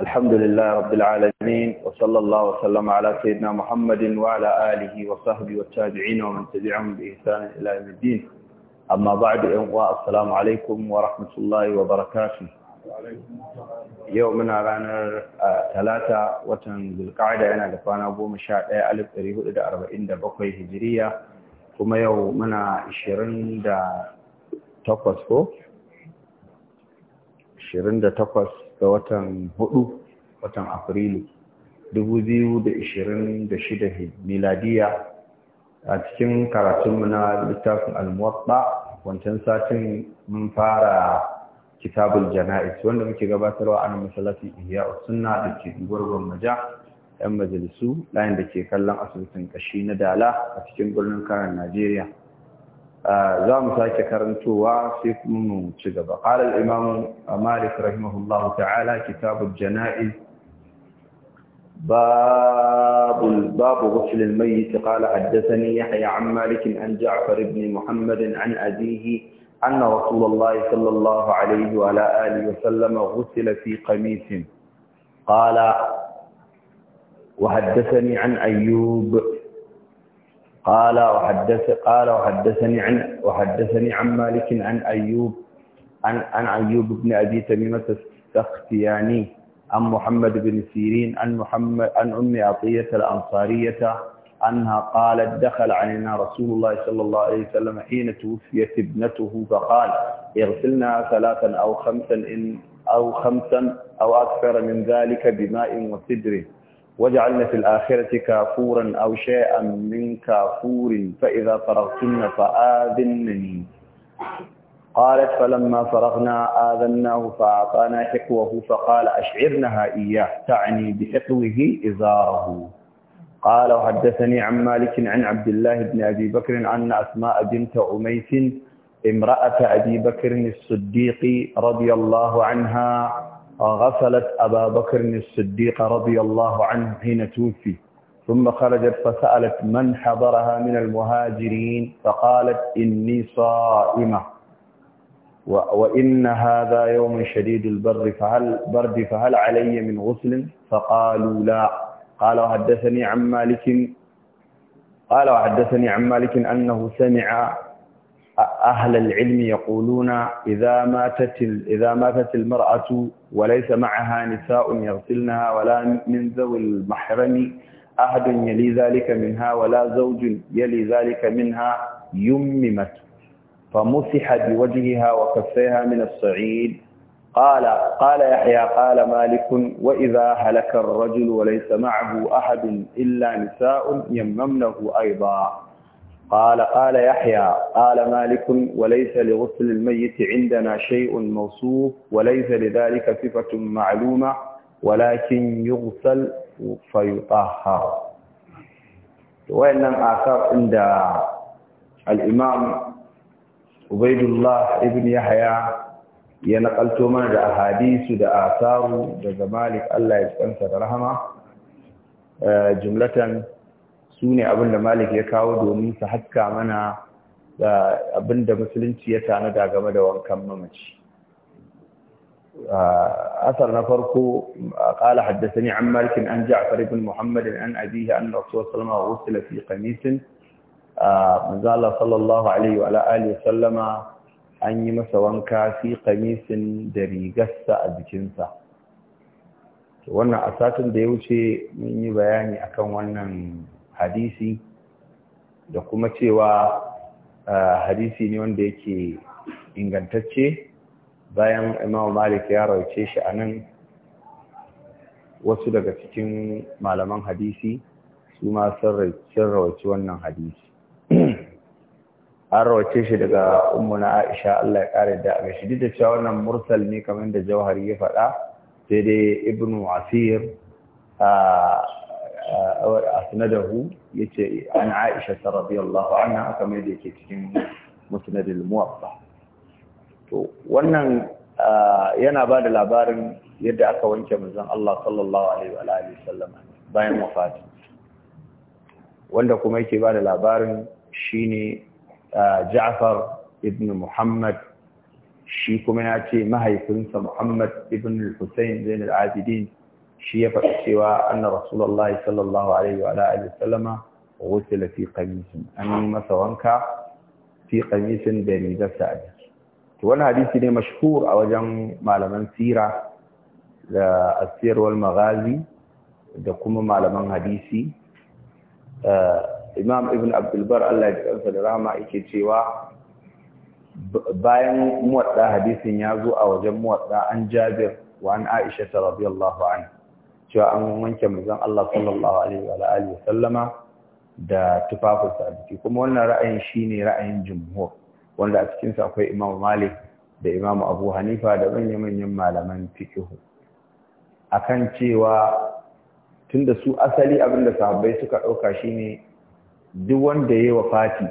الحمد لله رب العالمين وصلى الله وسلم على سيدنا محمد وعلى آله وصحبه والتابعين ومن تبعهم بإحسان إلى يوم الدين أما بعد السلام عليكم ورحمة الله وبركاته يومنا رانا ثلاثة وتن ذو القعدة أنا دفعنا أبو مشاعر ألف أريه إلى أربعين دبقوي هجرية كما يومنا عشرين دا تقوس 28 ga watan hudu watan afrilu 2026 miladiya a cikin karatunmu na littafin almuwaɓa wancan satin mun fara kitabul jana'is wanda muke gabatarwa a masalafi masallaci ihya sunna da ke gurgurun maja yan majalisu layin da ke kallon asibitin ƙashi na dala a cikin birnin karan najeriya za mu sake karantowa sai kuma mu ci gaba. Ƙarar imamun Malik rahimahullah ta'ala kitabun jana'iz babu wasilin mai yi ta ƙala haddasani ya haya an malikin an ja'afar ibn Muhammadin an azihi أن رسول الله صلى الله عليه وعلى آله وسلم غسل في قميس قال وحدثني عن أيوب قال وحدث قال وحدثني عن وحدثني عن مالك عن أيوب عن عن أيوب بن أبي تميمة السختياني عن محمد بن سيرين عن محمد عن أم عطية الأنصارية أنها قالت دخل علينا رسول الله صلى الله عليه وسلم حين توفيت ابنته فقال اغسلنا ثلاثا أو خمسا إن أو خمسا أو أكثر من ذلك بماء وسدر وجعلنا في الآخرة كافورا أو شيئا من كافور فإذا فرغتن فآذنني قالت فلما فرغنا آذناه فأعطانا حقوه فقال أشعرنها إياه تعني بحقوه إزاره قال وحدثني عن مالك عن عبد الله بن أبي بكر عن أسماء بنت عميس امرأة أبي بكر الصديق رضي الله عنها غسلت أبا بكر الصديق رضي الله عنه حين توفي ثم خرجت فسألت من حضرها من المهاجرين فقالت إني صائمة وإن هذا يوم شديد البر فهل برد فهل علي من غسل فقالوا لا قال وحدثني عن مالك قال وحدثني عن مالك أنه سمع أهل العلم يقولون إذا ماتت إذا ماتت المرأة وليس معها نساء يغسلنها ولا من ذوي المحرم أحد يلي ذلك منها ولا زوج يلي ذلك منها يممت فمسح بوجهها وكفيها من الصعيد قال قال يحيى قال مالك وإذا هلك الرجل وليس معه أحد إلا نساء يممنه أيضا قال قال يحيى قال مالك وليس لغسل الميت عندنا شيء موصوف وليس لذلك صفة معلومة ولكن يغسل فيطهر وإن آثار عند الإمام عبيد الله ابن يحيى ينقلت من الأحاديث دا آثار دا مالك الله يجب أن رحمه جملة su ne abin da malik ya kawo domin su haska mana da abin da musulunci ya tanada game da wankan mamaci asar na farko haddasa ni an malikin an a ibn muhammadin an abihi an salama a wasu lafi fi a mazala sallallahu alaihi wa ala'ali sallama an yi masa wanka fi qamisin da rigarsa a jikinsa wannan a satin da ya wuce mun yi bayani akan wannan hadisi da kuma cewa hadisi ne wanda yake ingantacce bayan imamu malik ya rauce shi a nan wasu daga cikin malaman hadisi su ma sun rauce wannan hadisi an rawace shi daga ummuna aisha Allah ya kare da ga shi da cewa wannan mursal ne kamar da jauhari ya faɗa sai dai ibnu asir asnadahu yace an Aisha radiyallahu anha kamar da yake cikin musnad al-muwatta to wannan yana ba da labarin yadda aka wanke manzon Allah sallallahu alaihi wa alihi bayan wafati wanda kuma yake bada labarin shine Ja'far ibn Muhammad shi kuma ya ce mahaifinsa Muhammad ibn al-Husayn Zainul Abidin shi ya faɗi cewa anna rasulullahi sallallahu alaihi wa alihi sallama ghusila fi qamisin an yi masa wanka fi qamisin da rigarsa a jiki to wani hadisi ne mashhur a wajen malaman sira da asir wal maghazi da kuma malaman hadisi eh, imam ibn abdulbar Allah ya kansa da rahama yake cewa bayan muwadda hadisin ya zo a wajen muwadda an jabir wa an aisha radiyallahu anha cewa an wanke manzon Allah sallallahu alaihi wa alihi sallama da tufafin a jiki kuma wannan ra'ayin shine ra'ayin jumhur wanda a cikin sa akwai Imam Malik da Imam Abu Hanifa da manyan-manyan malaman fiqh akan cewa tunda su asali abinda sahabbai suka dauka shine duk wanda yayi wafati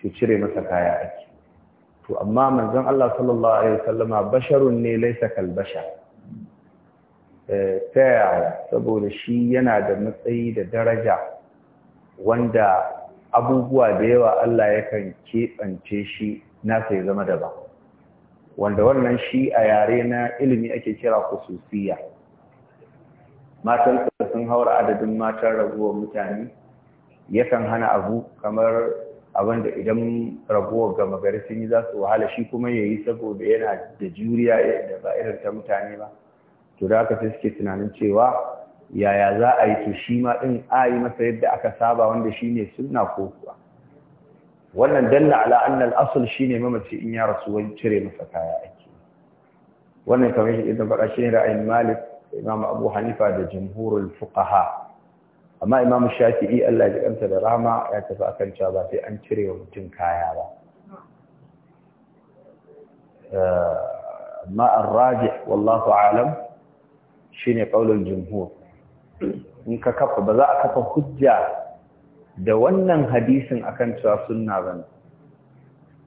to cire masa kaya ake to amma manzon Allah sallallahu alaihi wasallama basharun ne laysa kal bashar ta yaya saboda shi yana da matsayi da daraja wanda abubuwa da yawa Allah ya kan keɓance shi nasa ya zama daban wanda wannan shi a yare na ilimi ake kira kususiya matan sun haura adadin matan raguwar mutane yakan hana abu kamar abin da idan raguwar gama gari sun yi za su wahala shi kuma ya yi saboda yana da juriya da ba irin ta mutane ba to da aka sai suke tunanin cewa yaya za a yi to shi ma din a yi masa yadda aka saba wanda shine sunna ko kuwa wannan dalla ala anna al shine mamaci in ya rasu wani cire masa kaya ake wannan kamar shi idan faɗa shine ra'ayin Malik Imam Abu Hanifa da jumhurul fuqaha amma Imam Shafi'i Allah ya kanta da rahama ya tafi akan cewa ba sai an cire wa mutum kaya ba eh, amma ar-rajih wallahu a'lam shine ƙaunar jumhur in ka kafa ba za a kafa hujja da wannan hadisin akan cewa sunna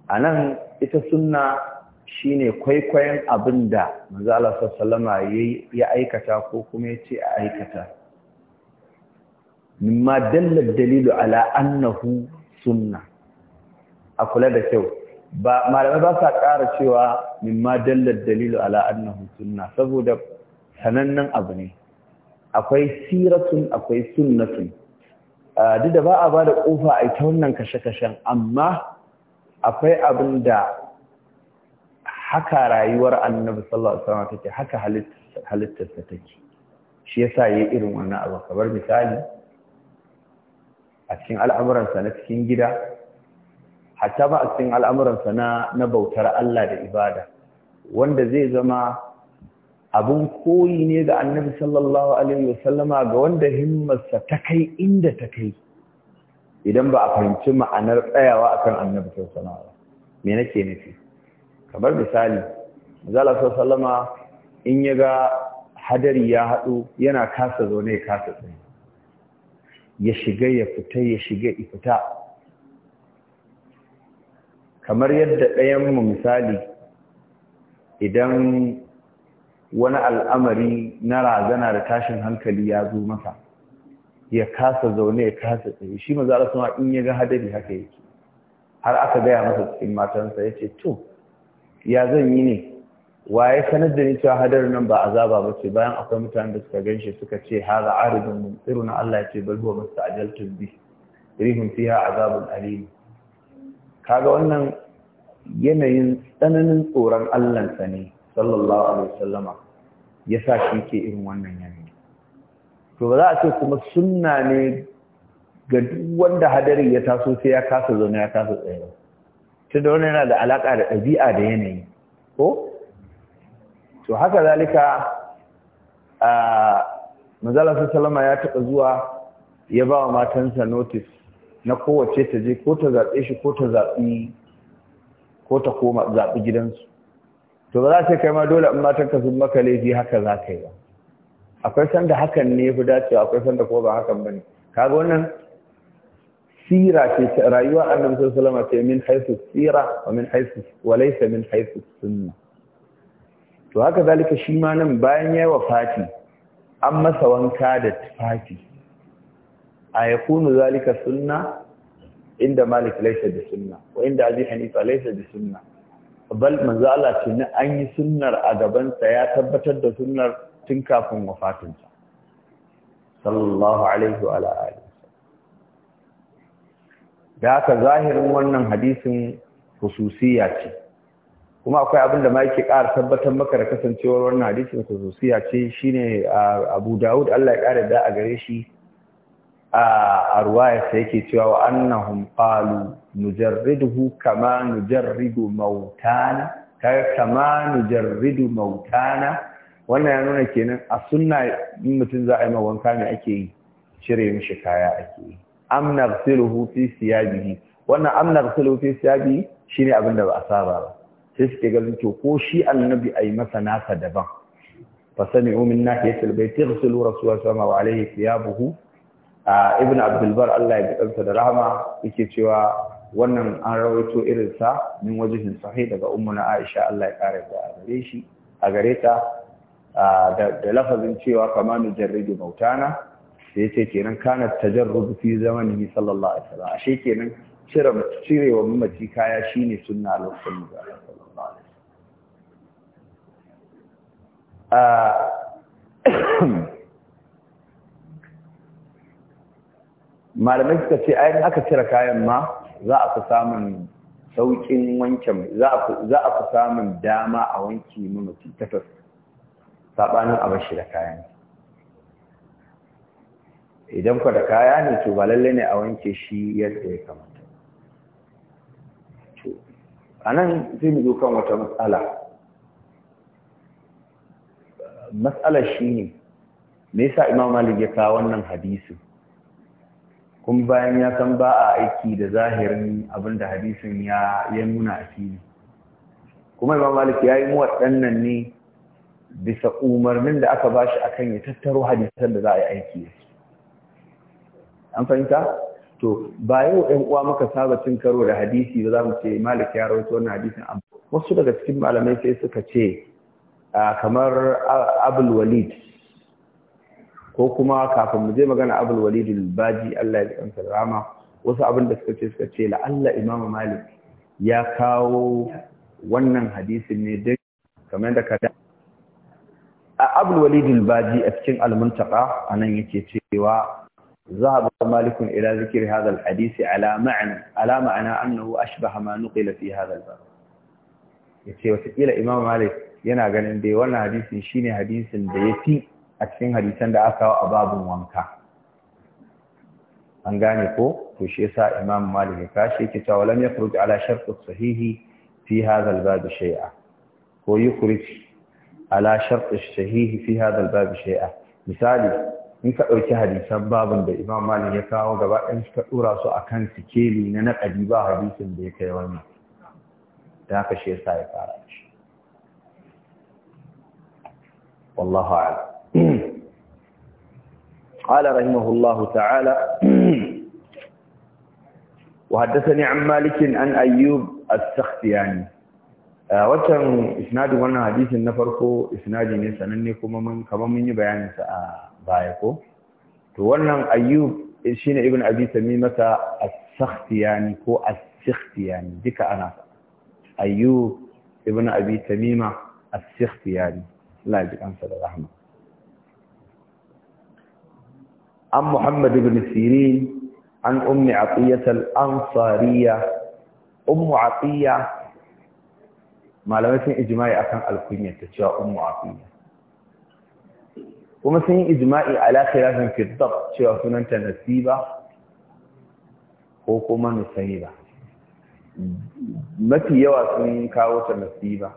A nan, ita sunna ne kwaikwayon abin da Allah salama ya aikata ko kuma ya ce a aikata ma dallar dalilu ala annahu sunna a kula da kyau ba malamai ba sa ƙara cewa mimma dallar dalilu ala annahu sunna saboda sanannen abu ne akwai siratun akwai sunnatun duk da ba a ba da ƙofa a ita wannan kashe-kashen amma akwai abin da haka rayuwar annabi sallallahu alaihi wasallam take haka halittarsa take shi yasa yayi irin wannan abu kamar misali a cikin al'amuransa na cikin gida hatta ba a cikin al'amuransa na na bautar Allah da ibada wanda zai zama abin koyi ne ga annabi sallallahu alaihi wasallama ga wanda himmarsa ta kai inda ta kai idan ba a fahimci ma'anar tsayawa akan annabi sallallahu alaihi wasallama me nake nufi kamar misali zala sallama in ya ga hadari ya haɗu yana kasa zaune ya kasa tsaye ya shiga ya fita ya shiga ya fita kamar yadda ɗayan mu misali idan wani al'amari na razana da tashin hankali ya zo masa ya kasa zaune ya kasa tsaye shi maza Allah suna in ya ga hadari haka yake har aka gaya masa cikin matansa ya ce to ya zan yi ne waye sanar da ni cewa hadarin nan ba azaba ba ce bayan akwai mutanen da suka ganshi suka ce haza tsiru na Allah ya ce bal huwa musta'jaltun bi rihun fiha azabun alim kaga wannan yanayin tsananin tsoron Allah ne sallallahu alaihi wasallama ya sa shi ke irin wannan yanayi to ba za a ce kuma sunna ne ga duk wanda hadari ya taso sai ya kasa zaune ya kasa tsaye ba ta da wani yana da alaƙa da ɗabi'a da yanayi ko to haka zalika a mazala salama ya taɓa zuwa ya ba wa matansa notice na kowace ta je ko ta zaɓe shi ko ta zaɓi ko ta koma zaɓi gidansu to ba za ta kai ma dole in matarka sun maka laifi haka za ka yi ba akwai sanda hakan ne ya fi dacewa akwai sanda kuma ba hakan ba ne kaga wannan sira ce rayuwa annabi sallallahu alaihi wasallam min haythu sira wa min haythu wa laysa min haythu sunna to haka zalika shi ma nan bayan yayi wafati an masa wanka da tufafi a yakunu zalika sunna inda malik laysa bi sunna wa inda abi hanifa laysa bi sunna bal manzo Allah ce an yi sunnar a gabansa ya tabbatar da sunnar tun kafin wafatinsa sallallahu alaihi wa alihi da haka zahirin wannan hadisin hususiya ce kuma akwai abin da ma yake ƙara tabbatar maka da kasancewar wannan hadisin hususiya ce shine Abu Dawud Allah ya ƙara da a gare shi a ruwayarsa yake cewa wa annahum qalu nujarriduhu kama nujarridu mautana kaga kama nujarridu mautana wannan ya nuna kenan a sunna in mutum za a yi wanka ne ake yi cire mishi kaya ake yi am naghsiluhu fi siyabihi wannan am naghsiluhu fi siyabihi shine abin da ba a saba ba sai suke ganin to ko shi annabi ayi masa nasa daban fa sami'u minna yasil bai taghsilu rasulullahi sallallahu alaihi wasallam wa alaihi thiyabuhu ah, ibn Abdulbar Allah ya bi da rahama yake cewa wannan an rawaito irinsa min wajihin sahih daga ummuna Aisha Allah ya kare ta gare shi a gare ta da lafazin cewa kama jarridu mautana sai yace kenan kana tajarrubu fi ni sallallahu alaihi wasallam ashe kenan cire cire wa mamaci kaya shine sunna lokacin da sallallahu alaihi wasallam malamai suka ce ayin aka cire kayan ma za a fi samun sauƙin wancan za a fi samun dama a wanke mamaci takwas saɓanin a bashi da kayan idan ku da kaya ne to ba lalle ne a wanke shi yadda ya kamata a nan zai mu zo kan wata matsala matsalar shi ne me yasa imam malik ya kawo wannan hadisin kuma bayan ya san ba a aiki da zahirin abinda da hadisin ya nuna a fili kuma imam malik ya yi waɗannan ne bisa umarnin da aka bashi akan ya tattaro hadisan da za a yi aiki da su an fahimta to ba yau ɗan uwa muka saba cin karo da hadisi ba za mu ce malik ya rawaito wannan hadisin wasu daga cikin malamai sai suka ce kamar abul walid ko kuma kafin mu je magana abul walid baji Allah ya ji rama wasu abin da suka ce suka ce la Allah imamu malik ya kawo wannan hadisin ne da kamar da a abul baji a cikin al-muntaqa anan yake cewa ذهب مالك إلى ذكر هذا الحديث على معنى على معنى أنه أشبه ما نقل في هذا الباب yace wataƙila imam malik yana ganin dai wannan hadisin shine hadisin da ya fi a cikin hadisan da aka a babin wanka an gane ko to shi yasa imam malik ya kashi yake cewa lam yakhruj ala shart sahihi fi hadha al-bab shay'a ko yukhruj ala shart sahihi fi hadha al-bab shay'a misali in ka dauki hadisan babun da imam malik ya kawo gaba ɗayan su ka dora su akan sikeli na naqadi ba hadisin da ya kai wannan da haka shi yasa ya fara shi wallahu a'lam قال رحمه الله تعالى وحدثني عن مالك عن ايوب السختياني آه، وكان اسناد هنا حديث النفرقو اسناد ني سننني كما من كما من بيان سا آه، بايكو تو wannan ايوب shine ابن ابي تميمه السختياني كو السختياني ko انا ايوب ابن ابي تميمه السختياني abi tamim as-sikhtiyani la ji kan عن محمد بن سيرين عن أم عطية الأنصارية أم عطية ما لم يكن إجماعي أكان الكنية تشاء أم عطية وما سن إجماعي على خلاف في الضبط تشاء فنان تنسيبة وكما نسيبة ما في يوى سنين كاوة nasiba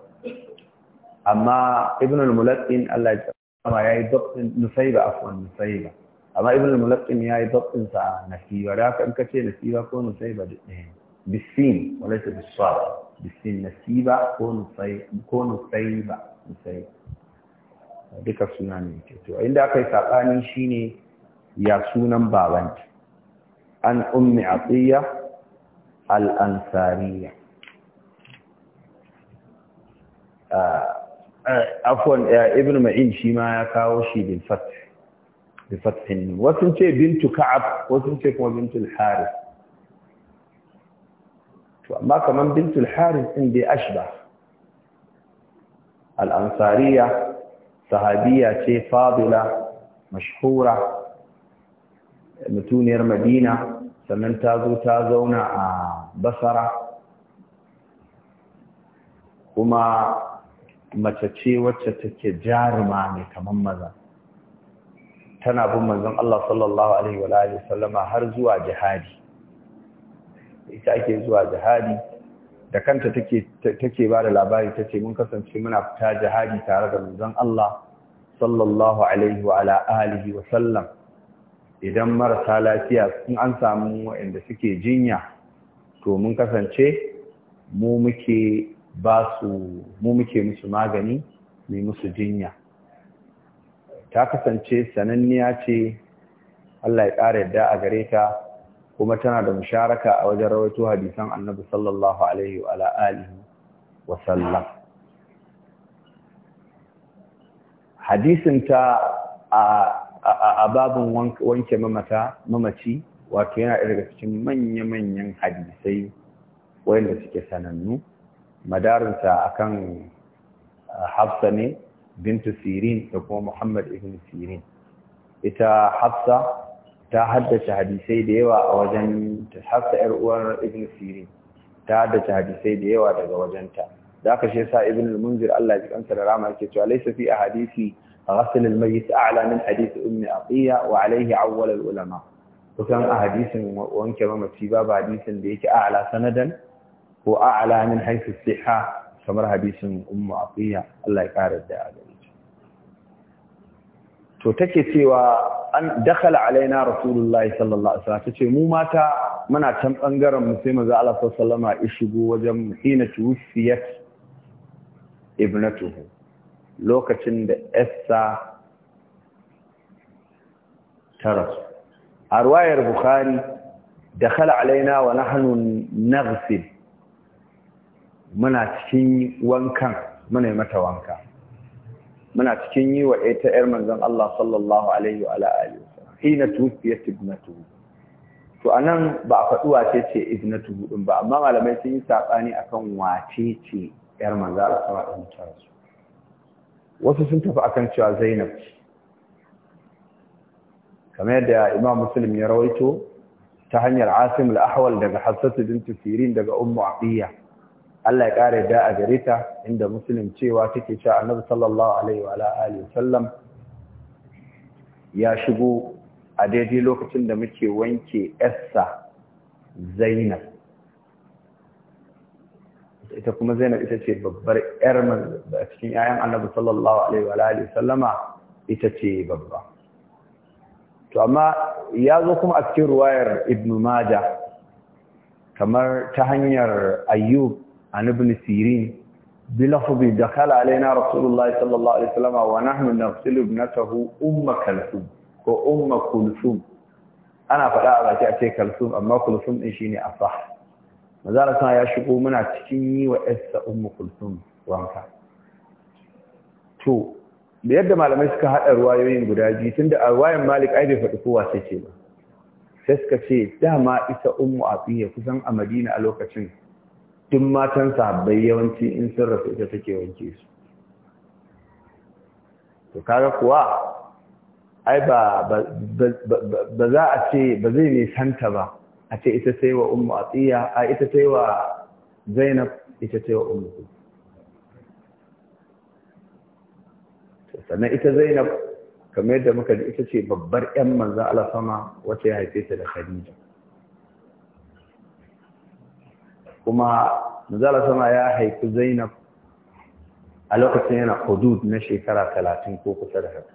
أما ابن الملتين الله يجب ya tsama yayi dabtin nusayba amma ibn al-mulaqim ya yi dabbin sa nasiba da haka in ka ce nasiba ko nusaiba duk ɗaya bisin wala ta bisar bisin nasiba ko nusai ko nusaiba nusai duka suna ne ke to inda aka yi sabani shine ya sunan babanta an ummi atiya al-ansariya afwan ibn ma'in shi ma ya kawo shi bil fath bi wasu ce bintu ka'ab wasu ce kuma bintu al-haris to amma kaman bintu al-haris din dai ashba al-ansariya sahabiya ce fadila mashhura mutuniyar madina sannan ta zo ta zauna a basara kuma mace ce wacce take jaruma ne kaman maza tana bin manzon Allah sallallahu alaihi wa alihi sallama har zuwa jihadi ita ake zuwa jihadi da kanta take ba da labari tace mun kasance muna fita jihadi tare da manzon Allah sallallahu alaihi wa alihi wa sallam idan marasa lafiya in an samu waɗanda suke jinya to mun kasance mu muke basu mu muke musu magani mai musu jinya ta kasance sananniya ce Allah ya ƙara yadda a gare ta kuma tana da musharaka a wajen rawaito hadisan annabi sallallahu alaihi wa alihi wa sallam hadisin a babin wanke mamata mamaci wato yana daga cikin manya-manyan hadisai wanda suke sanannu madarinsa akan hafsa ne bintu sirin da kuma muhammad ibn sirin ita hafsa ta haddace hadisai da yawa a wajen hafsa yar uwar ibn sirin ta haddace hadisai da yawa daga wajenta da aka shi yasa ibn Allah ya kansa da rama yake cewa laysa fi ahadisi غسل الميت أعلى من حديث أم أطية وعليه عول العلماء وكان أحاديث وانك ممتي باب حديث بيك أعلى سندا وأعلى من حيث الصحة كما حديث أم أطية الله يكارد ذلك to take cewa an dakhala alaina rasulullahi sallallahu alaihi wasallam tace mu mata muna can bangaren mu sai manzo Allah sallallahu alaihi shigo wajen hina tuwfiyat ibnatuhu lokacin da Essa taras. arwayar a ruwayar Bukhari dakhala alaina wa nahnu naghsil muna cikin wankan muna mata wanka muna cikin yi wa ita ‘yar manzan Allah sallallahu Alaihi wa Alaihi hina tufiyat ibnatuhu to a nan ba a faɗuwa ce ce ibnatuhu din ba amma malamai sun yi a akan wace ce ‘yar manzan Allah sallallahu Alaihi wa Alaihi wasu sun tafi a kan cewa Zainab kamar yadda Imam Musulun ya rawaito ta hanyar Asim al-Ahwal daga Hafsatu binti Sirin daga Ummu Aqiyya Allah ya ƙara da a gare ta inda Muslim cewa take cewa Annabi sallallahu alaihi wa alihi sallam ya shigo a daidai lokacin da muke wanke Essa Zainab ita kuma Zainab ita ce babbar ƴar a cikin ƴaƴan Annabi sallallahu alaihi wa alihi sallama ita ce babba to amma ya zo kuma a cikin ruwayar Ibn Majah kamar ta hanyar Ayyub عن ابن سيرين بلفظ دخل علينا رسول الله صلى الله عليه وسلم ونحن نغسل ابنته أم كلثوم وأم كلثوم أنا فلا أبعتي أتي كلثوم أما كلثوم إنشيني أصح مازال سنا يشقو منا تكيني وإس أم كلثوم وانكا تو da yadda malamai suka haɗa ruwayoyin guda biyu tunda a ruwayan malik ai bai faɗi kowa sai ce ba sai suka ce dama ita ummu afiya kusan a madina a lokacin duk matan sahabbai yawanci in sun rasu ita take wanke su to kaga kuwa ai ba ba za a ce ba zai nisanta ba a ce ita sai wa ummu atiya a ita sai wa zainab ita sai wa ummu sannan ita zainab kamar yadda muka ji ita ce babbar 'yan manzan alasama wacce ya haife ta da khadija kuma manzala sama ya haifi zainab a lokacin yana hudud na shekara talatin ko kusa da haka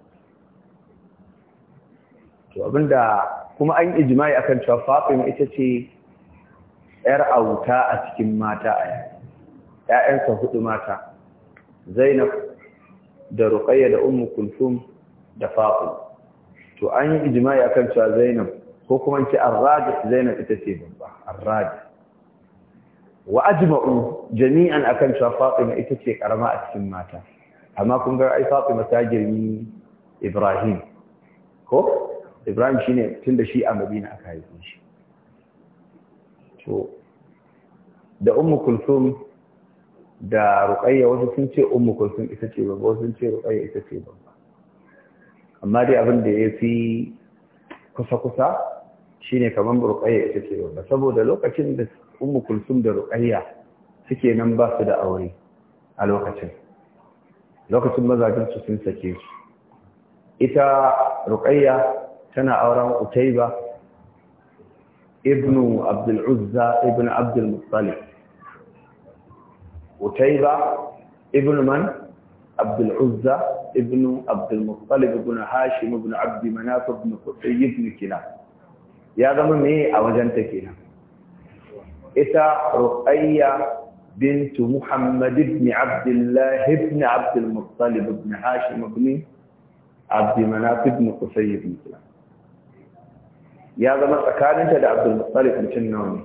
to abinda kuma an ijimai akan cewa fatima ita ce yar auta a cikin mata a ‘ya'yansa hudu mata zainab da ruqayya da ummu kulthum da fatima to an yi ijimai akan cewa zainab ko kuma ce arrajih zainab ita ce babba arrajih wa ajma'u jami'an akan cewa Fatima ita ce karama a cikin mata amma kun ga ai Fatima ta girmi Ibrahim ko Ibrahim shine tunda shi a Madina aka haife shi to da Ummu Kulthum da Ruqayya wasu sun ce Ummu Kulthum ita ce babba wasu sun ce Ruqayya ita ce babba amma dai abin da yafi kusa kusa shine kaman Ruqayya ita ce babba saboda lokacin da umu kulsum da ruqayya suke nan ba su da aure a lokacin lokacin mazajin su sun sake su ita ruqayya tana auren utayba ibnu abdul uzza ibnu abdul muttalib utayba ibnu man abdul uzza ibnu abdul muttalib ibn hashim Ibn abd manaf Ibn qutayy ibn kilab ya zama me a wajen take na. ita ruqayya bintu muhammad ibn ibn abd al ibn hashim ibn abd manaf ibn qusay ibn ya zama tsakaninta da abd al-muttalib mutum nawa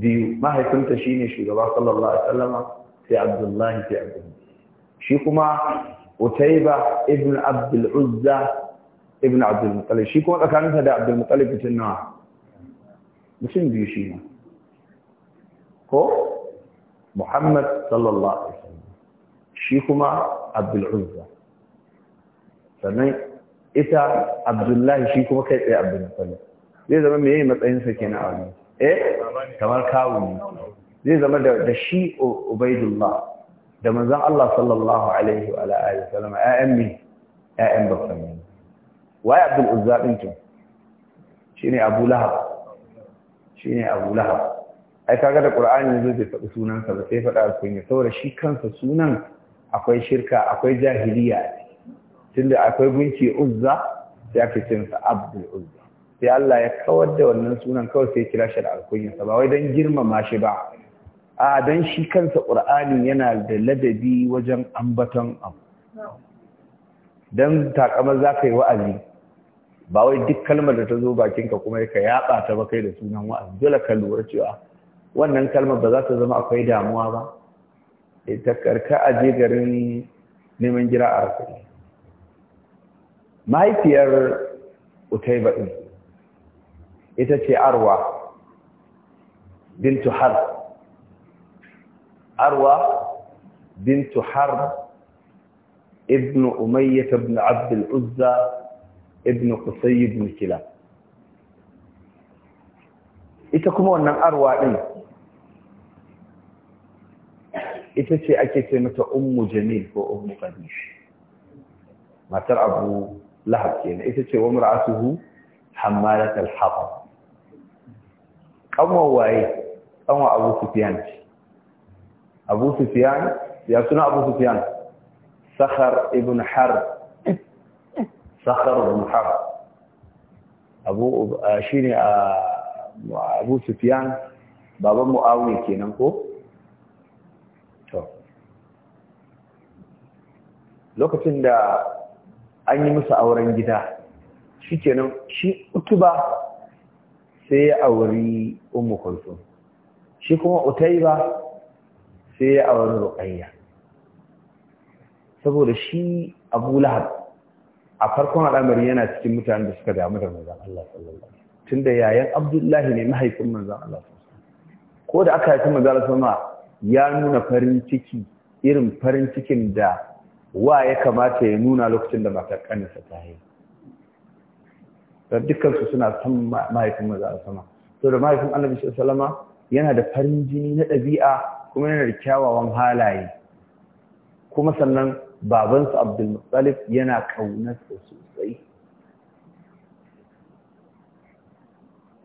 biyu mahaifinta shine shugaba sallallahu alaihi wasallam sai abdullah sai abdullah shi kuma utayba ibn abd al ibn abdul mutalib shi kuma tsakaninsa da abdul mutalib mutum nawa mutum biyu shi ko Muhammad sallallahu alaihi wasallam shi kuma Abdul Uzza sannan ita Abdullahi shi kuma kai tsaye Abdul Muttalib zai zama yi matsayin sa kenan a wannan eh kamar ne. zai zama da shi Ubaidullah da manzan Allah sallallahu alaihi wa alihi wasallam ayyan mi ayyan babban ne waye Abdul Uzza din to shine Abu Lahab shine Abu Lahab ai kaga da qur'ani zai bai faɗi sunansa ba sai faɗa alkunya saboda shi kansa sunan akwai shirka akwai jahiliya tunda akwai gunki uzza sai aka ce masa abdul uzza sai Allah ya kawar da wannan sunan kawai sai kira shi da alkunya ba wai dan girmama shi ba a dan shi kansa qur'ani yana da ladabi wajen ambaton abu dan takamar zakai wa'azi ba wai duk kalmar da ta zo bakinka kuma ka yaba ta ba kai da sunan wa'azi dole ka lura cewa wannan kalmar ba za ta zama akwai damuwa ba ita karka a je garin neman jira a rasari mahaifiyar utaiba ɗin ita ce arwa bintu har arwa bintu har ابن أمية بن عبد العزة ابن قصي بن كلاب إذا ita أن wannan arwa ita ce ake ce mata ummu jamil ko ummu qadish matar abu lahab kenan ita ce wa mar'atuhu hammalat al-hatab kanwa waye kanwa abu sufyan abu sufyan ya suna abu sufyan sakhar ibn har sakhar ibn har abu shine abu sufyan baban muawiya kenan ko to lokacin da an yi musu auren gida shi kenan shi utuba sai ya auri ummu shi kuma utaiba sai ya auri Rukayya. saboda shi abu lahar, a farkon al'amari yana cikin mutane da suka damu da maza Allah sallallahu alaihi da tunda yayan abdullahi ne mahaifin maza Allah sallallahu ko da aka haifi maza Allah sallallahu ya nuna farin ciki irin farin cikin da wa ya kamata ya nuna lokacin da matar ƙanisa ta haihu dukkansu suna son mahaifin maza a sama to da mahaifin annabi sallama yana da farin jini na ɗabi'a kuma yana da kyawawan halaye kuma sannan babansa abdulmutsalif yana ƙaunarsa sosai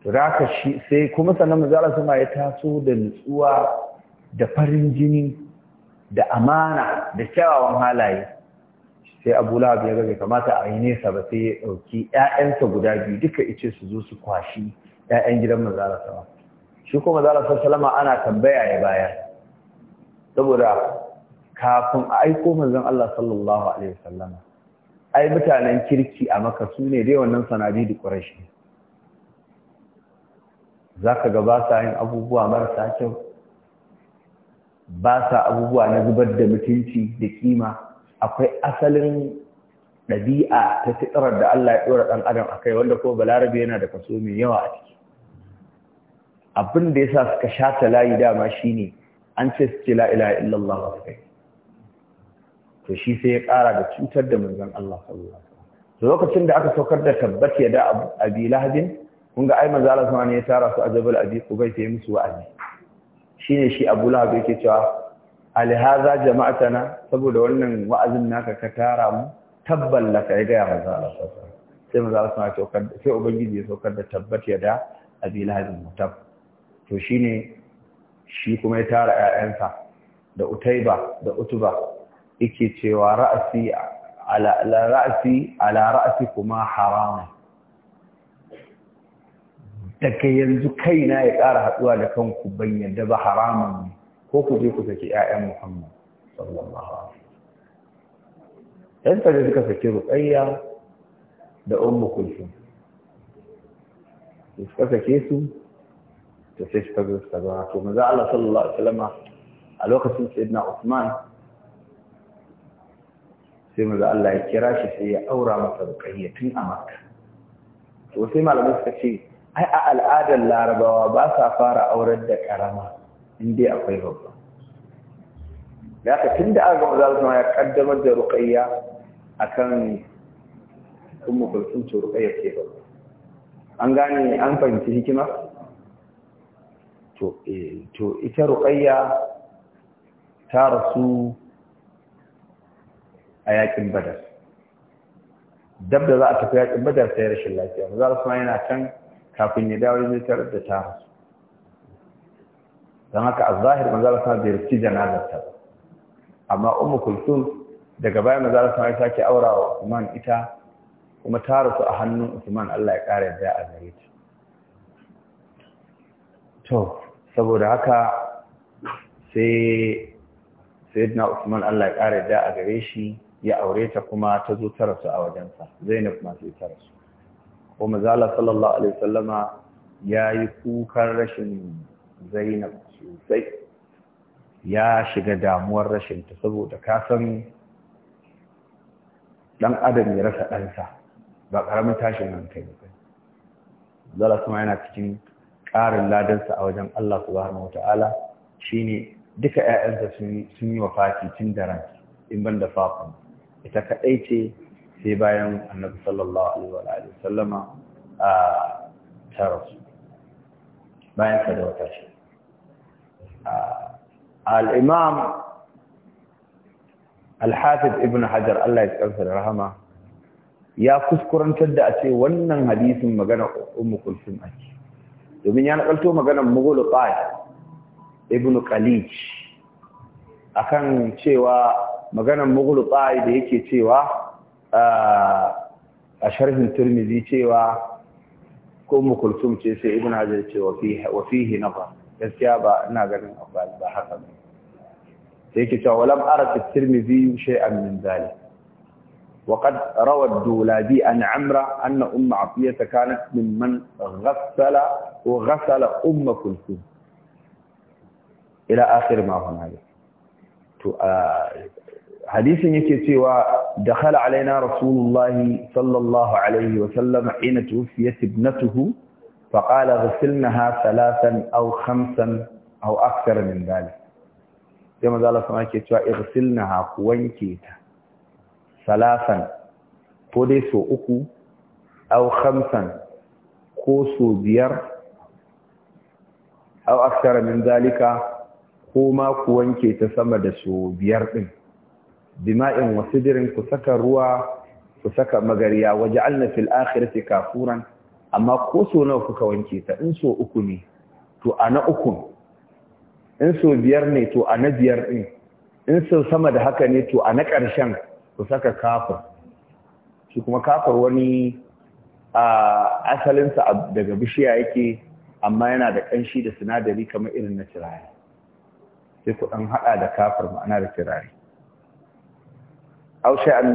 raka shi sai kuma sannan maza a sama ya taso da nutsuwa da farin jini da amana da kyawawan halaye sai abu labi ya gabe kamata a yi nesa ba sai ya ɗauki ‘ya'yansa guda biyu duka ice su zo su kwashi ‘ya'yan gidan mazara sama shi kuma sama salama ana tambaya ya bayar saboda kafin a aiko manzon Allah sallallahu alaihi wasallama ai mutanen kirki a maka su ne dai wannan sanadi da ƙurashi za ka ga sa yin abubuwa marasa kyau ba sa abubuwa na zubar da mutunci da kima akwai asalin ɗabi'a ta fitarar da Allah ya ɗora ɗan adam a kai wanda ko balarabe yana da kaso mai yawa a ciki abin da ya sa suka shata layi dama shi ne an ce su ce la'ila illallah wa kai to shi sai ya ƙara da cutar da manzan Allah sallallahu lokacin da aka saukar da tabbat ya da abi lahabin kun ga ai manzo Allah ne ya tara su a jabal abi kubai sai musu wa'azi shine shi Abu Lahab yake cewa alhaza jama'atana saboda wannan wa'azin naka ka tara mu tabbal laka ya ga manzo Allah sai manzo Allah ya da, sai ubangiji ya saukar da tabbat ya da Abi Lahab mutab to shine shi kuma ya tara 'ya'yansa. da Utaiba da Utuba yake cewa ra'asi ala ra'asi ala haramun daga yanzu kaina ya ƙara haɗuwa da kanku bayan da ba haramun ne ko ku je ku saki ƴaƴan Muhammad sallallahu alaihi wasallam sai suka saki Ruqayya da Ummu Kulsum suka sake su ta sai suka zo suka zama to maza Allah sallallahu alaihi wasallam a lokacin Sayyidina Usman sai maza Allah ya kira shi sai ya aura masa Ruqayya tun a Makka to sai malamai suka ce ai a al'adar larabawa ba sa fara aurar da karama dai akwai babba da aka tun da aka gama zalisa ya kaddamar da ruƙayya a kan kuma kulsun ruƙayya ke babba an gane an fahimci hikima to eh, ita ruƙayya ta rasu a yakin badar dab da za a tafi yakin badar sai rashin lafiya mu zalisa yana can kafin ya dawo ya tarar da ta rasu don haka a zahir manzala da bai rufi janazarta ba amma umu kulsum daga bayan maza sama ya sake aura wa usman ita kuma ta rasu a hannun usman allah ya ƙara yadda a gare ta to saboda haka sai sayyidina usman allah ya ƙara yadda a gare shi ya aure ta kuma ta zo ta rasu a wajensa zainab ma sai ta rasu ko mazala sallallahu alaihi sallama ya yi kukan rashin zainab sosai ya shiga damuwar rashin ta saboda kasan dan adam ya rasa ɗansa ba ƙaramin tashin hankali ba zala kuma yana cikin ƙarin ladansa a wajen Allah subhanahu wata'ala shine duka ƴaƴansa sun yi wa fati tun da ran in ban da ita kaɗai ce sai bayan annabi sallallahu alaihi wa sallama a tarasu bayan sa da wata shi al al-hafiz ibn hajar Allah ya tsarsa da rahama ya kuskurantar da a ce wannan hadisin magana ummu Kulfin ake domin ya nakalto maganar mughul qais ibn qalij akan cewa maganar mughul qais da yake cewa a sharhin turmizi cewa ko mukulsum ce sai ibn hajar ce wa fihi gaskiya ba ina ganin ba haka ne sai ke cewa walam ara fi tirmidhi an min dhalik وقد روى الدولابي عن عمرة أن أم عطية كانت ممن غسل وغسل أم كلثوم إلى آخر ما هنالك hadisin yake cewa dakhala alaina rasulullahi sallallahu alaihi wa sallam ina tuwfiyat ibnatuhu fa qala ghasilnaha thalathan aw khamsan aw akthar min dhalik sai manzo Allah sama yake cewa igsilnaha ku wanke ta thalathan ko dai so uku aw khamsan ko so biyar aw akthar min zalika ko ma ku wanke ta sama da so biyar din bima'in wa sidirin ku saka ruwa ku saka magariya waje alna fil akhirati kafuran amma ko so nawa kuka wanke ta in so uku ne to ana uku in so biyar ne to ana biyar din in so sama da haka ne to ana ƙarshen ku saka kafir shi kuma kafir wani a asalinsa daga bishiya yake amma yana da ƙanshi da sinadari kamar irin na tirayi sai ku ɗan haɗa da kafir ma'ana da tirayi Aushe shay'an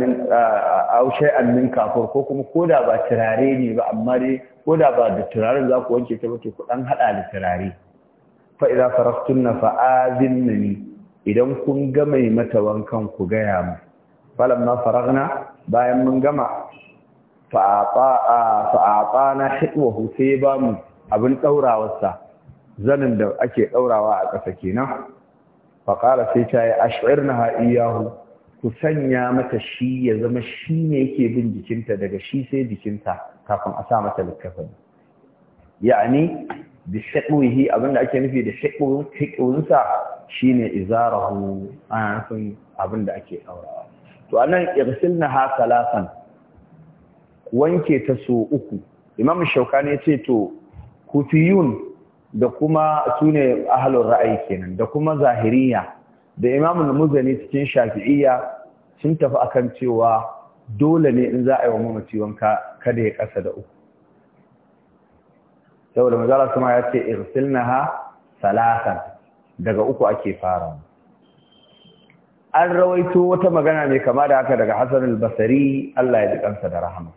min ah, ko kuma koda ba turare ne ba amma dai koda ba da turaren za ku wanke ta ba ku dan hada da turare fa idza farastunna fa azinni idan kun gama mata wankan ku gaya mu ma faragna bayan mun gama fa ata ah, fa atana hitwahu sai ba mu abin daurawarsa zanin da ake daurawa a ƙasa kenan fa qala sai ta yi ash'irnaha iyahu ku sanya mata shi ya zama shi ne yake bin jikinta daga shi sai jikinta kafin a sa mata littafin ya'ani da shaqihi abinda ake nufi da shaqihu shi shine izararru a nufin abinda ake aura to a nan irsil na ha salasan wanke ta so uku imam ne ce to kufiyun da kuma sune ahlul ra'ayi kenan da kuma zahiriya da imamun muzani cikin shafi'iyya sun tafi akan cewa dole ne in za a yi wa mamaci wanka kada ya ƙasa da uku saboda mazala kuma ya ce irsilnaha salasan daga uku ake fara an rawaito wata magana mai kama da haka daga Hassan al-Basri Allah ya ji kansa da rahama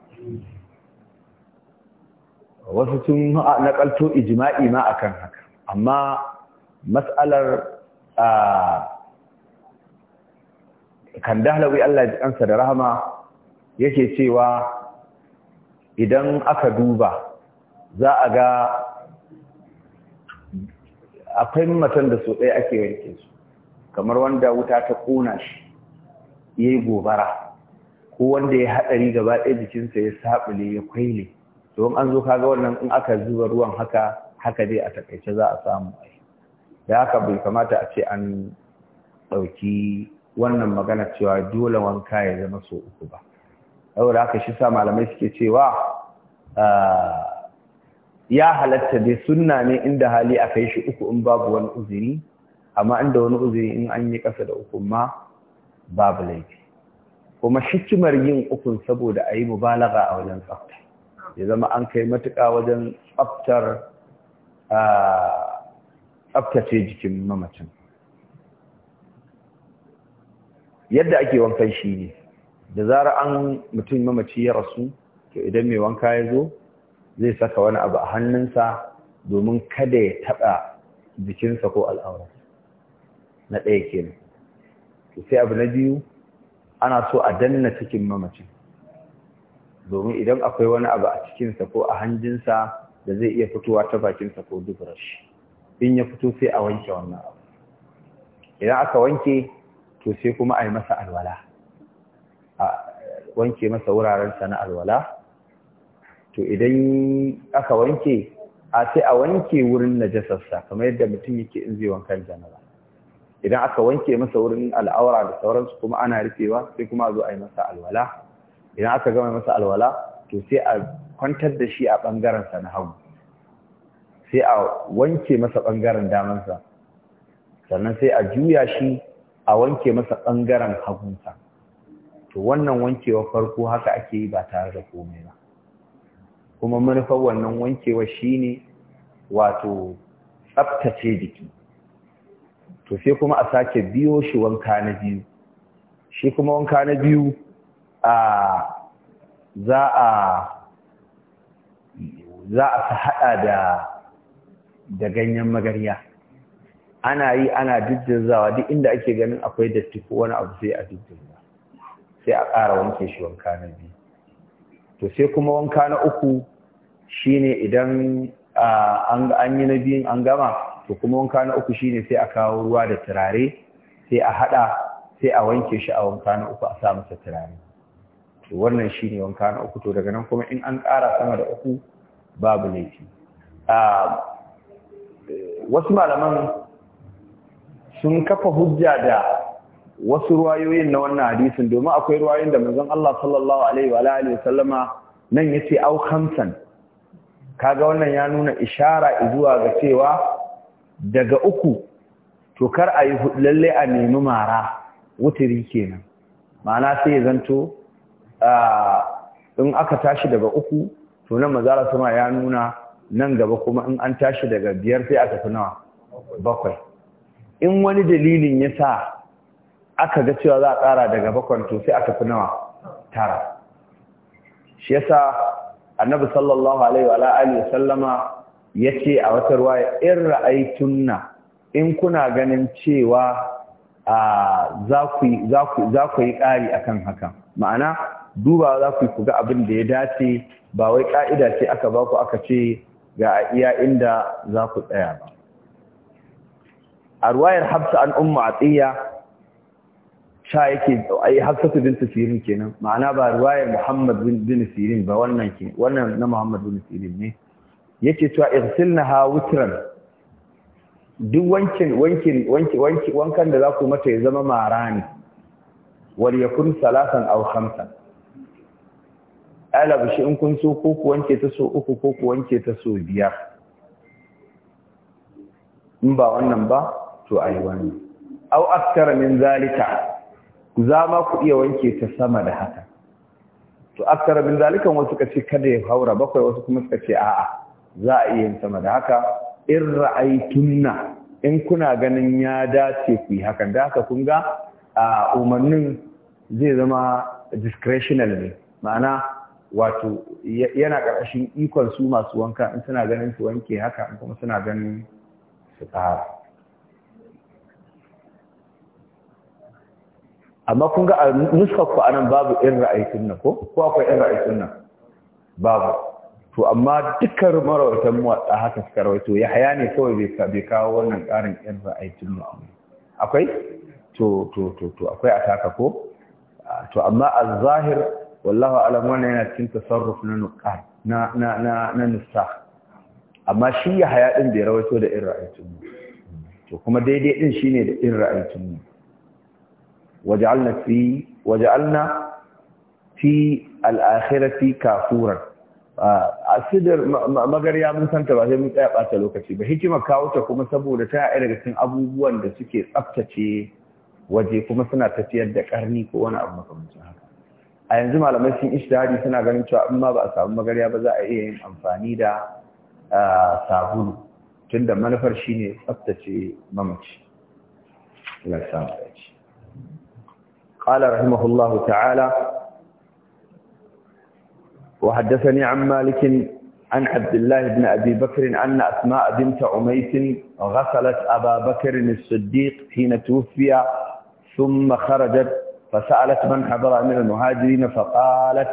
wasu sun nakalto ijma'i ma akan haka amma mas'alar ah, kan dahlawi Allah ji kansa da rahama yake cewa idan aka duba za a ga akwai matan da so ɗaya ake yanke su kamar wanda wuta ta kona shi ya yi gobara ko wanda ya haɗari gaba ɗaya jikinsa ya saɓule ya kwaile don an zo kaga wannan in aka zuba ruwan haka haka dai a takaice za a samu da haka bai kamata a ce an ɗauki wannan magana cewa dole wanka ya zama so uku ba saboda haka shi sa malamai suke cewa ah, ya halatta dai sunna ne inda hali a kai shi uku in babu wani uzuri amma inda wani uzuri in an yi ƙasa da uku ma babu laifi kuma hikimar yin ukun saboda a yi mubalaga a wajen tsafta ya zama an kai matuka wajen tsaftar ah, tsaftace jikin mamacin yadda ake wankan shi ne da zara an mutum mamaci ya rasu to idan mai wanka ya zo zai saka wani abu a hannunsa domin kada ya taɓa jikinsa ko al'aura na ɗaya ke nan. sai abu na biyu ana so a danna cikin mamacin domin idan akwai wani abu a cikinsa ko a hanjinsa da zai iya fitowa ta bakinsa ko dubura shi in ya fito sai a wanke wannan abu idan aka wanke to sai kuma a yi masa alwala a wanke masa wurarensa na alwala to idan aka wanke a sai a wanke wurin najasarsa kamar yadda mutum yake in zai wankan janaba idan aka wanke masa wurin al'aura da sauransu kuma ana rufewa sai kuma a zo a yi masa alwala idan aka gama masa alwala to sai a kwantar da shi a ɓangarensa na hagu sai a wanke masa ɓangaren damansa sannan sai a juya shi a wanke masa ɓangaren hagunsa to wannan wankewa farko haka ake yi ba tare da komai ba kuma manufar wannan wankewa shine wato tsaftace jiki to sai kuma a sake biyo shi wanka na biyu shi kuma wanka na biyu a za a za a haɗa da da ganyen magarya ana yi ana zawa duk inda ake ganin akwai datti ko wani abu sai a diddirza sai a ƙara wanke shi wanka na biyu to sai kuma wanka na uku shine idan an yi na biyun an gama to kuma wanka na uku shine sai a kawo ruwa da turare sai a haɗa sai a wanke shi a wanka na uku a sa masa turare to wannan shine wanka na uku to daga nan kuma in an ƙara sama da uku babu laifi wasu malaman sun kafa hujja da wasu ruwayoyin na wannan hadisin domin akwai ruwayoyin da manzon Allah sallallahu alaihi wa alihi sallama nan yace au khamsan kaga wannan ya nuna ishara zuwa ga cewa daga uku to kar a yi lalle a nemi mara wutiri kenan ma'ana sai zanto in aka tashi daga uku to nan mazara sama ya nuna nan gaba kuma in an tashi daga biyar sai aka tafi nawa bakwai in wani dalilin ya sa aka ga cewa za a ƙara daga bakon to sai aka fi nawa tara shi yasa annabi sallallahu alaihi wa alihi sallama yace a wata ruwaya in ra'aytunna in kuna ganin cewa za ku yi ƙari akan haka ma'ana duba za ku ku ga abin da ya dace ba wai ƙa'ida ce aka ba ku aka ce ga iya inda za ku tsaya ba a ruwayar hafsa an umma a tsiya sha yake A ai hafsatu bin sirin kenan ma'ana ba ruwayar muhammad bin sirin ba wannan ke wannan na muhammad bin sirin ne yake cewa ha wutran duk wankin wankin wanki wankan da za ku mata ya zama mara ne wal kun salasan aw khamsan ala bishi in kun so ko ku wanke ta so uku ko ku wanke ta so biyar in ba wannan ba to a yi wani au askara min zalika ku za ku iya wanke ta sama da haka to askara min zalika wasu ka ce kada ya haura bakwai wasu kuma suka ce a'a za a iya yin sama da haka in ra'aitunna in kuna ganin ya dace ku yi hakan da haka kun ga a umarnin zai zama discretional ne ma'ana wato yana karkashin ikon su masu wanka in suna ganin su wanke haka kuma suna ganin su tsara. amma kun ga a nuskar ku anan babu in ra'ayi sunna ko ko akwai in ra'ayi sunna babu to amma dukkan marawatan mu a haka suka rawaito ya haya ne kawai bai kawo wannan karin in ra'ayi sunna akwai to to to to akwai taka ko to amma a zahir wallahu alam wannan yana cikin tasarruf na nuka na na na nusa amma shi ya haya din bai rawaito da in ra'ayi sunna to kuma daidai din shine da in ra'ayi sunna وجعلنا في وجعلنا في الآخرة كافورا sidar magariya mun santa ba sai mun tsaya bata lokaci ba hikima kawo ta kuma saboda ta yi daga cikin abubuwan da suke tsaftace waje kuma suna tafiyar da karni ko wani abu makamancin haka a yanzu malamai sun ishtihari suna ganin cewa in ma ba a samu magarya ba za a iya yin amfani da sabulu tunda manufar shine tsaftace mamaci Allah ya samu dace قال رحمه الله تعالى وحدثني عن مالك عن عبد الله بن أبي بكر أن أسماء بنت عميس غسلت أبا بكر الصديق حين توفي ثم خرجت فسألت من حضر من المهاجرين فقالت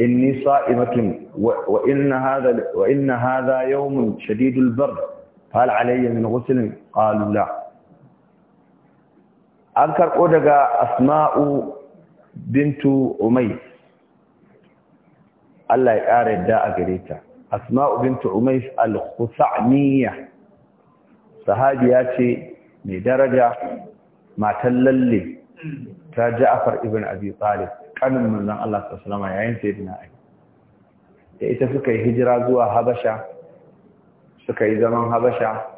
إني صائمة وإن هذا, وإن هذا يوم شديد البرد هل علي من غسل قالوا لا an karɓo daga asma'u bintu umai Allah ya ƙara yadda a gare ta asma'u bintu umai al-khusaniya sahabiya ce mai daraja matan lalle ta ja'afar ibn abi talib kanin manzon Allah sallallahu alaihi wasallam yayin sayyidina da ita suka yi hijira zuwa habasha suka yi zaman habasha